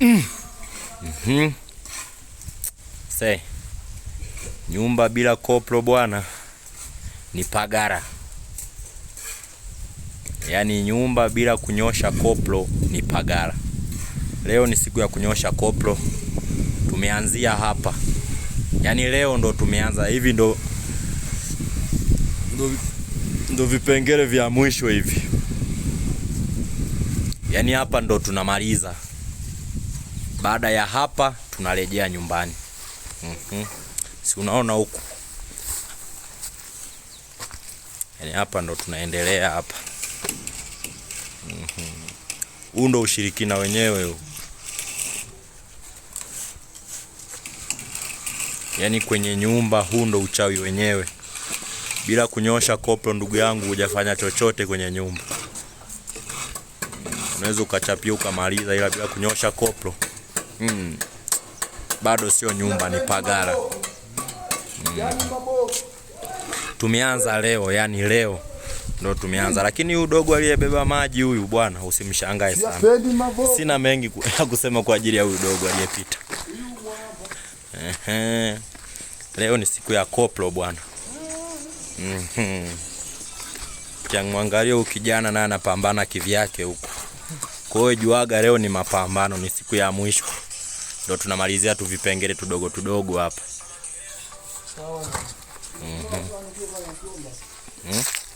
mm. Mm -hmm. Se, nyumba bila koplo bwana ni pagara, yaani nyumba bila kunyosha koplo ni pagara. Leo ni siku ya kunyosha koplo, tumeanzia hapa, yaani leo ndo tumeanza hivi, ndo ndo, ndo vipengele vya mwisho hivi, yaani hapa ndo tunamaliza. Baada ya hapa tunarejea nyumbani. mm -hmm. Si unaona huku, yaani hapa ndo tunaendelea hapa. mm huu Ndo ushirikina wenyewe huu, yaani kwenye nyumba, huu ndo uchawi wenyewe. Bila kunyosha koplo, ndugu yangu, hujafanya chochote kwenye nyumba. Unaweza ukachapia ukamaliza, ila bila kunyosha koplo mm. Bado sio nyumba, ni pagara mm. Tumeanza leo, yani leo ndo tumeanza, lakini huyu dogo aliyebeba maji huyu bwana, usimshangae sana. Sina mengi ya kusema kwa ajili ya huyu dogo aliyepita. leo ni siku ya koplo bwana. Mhm, kiangalia kijana naye anapambana kivyake huko. Kwa hiyo juaga, leo ni mapambano, ni siku ya mwisho ndo tunamalizia tu vipengele tudogo tudogo hapa. mm -hmm. mm.